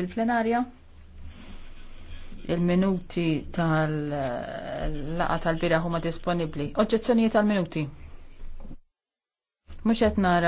bil-plenarja. Il-minuti tal-laqa tal biraħu huma disponibli. Oġġezzjonijiet tal-minuti. Mhux qed nara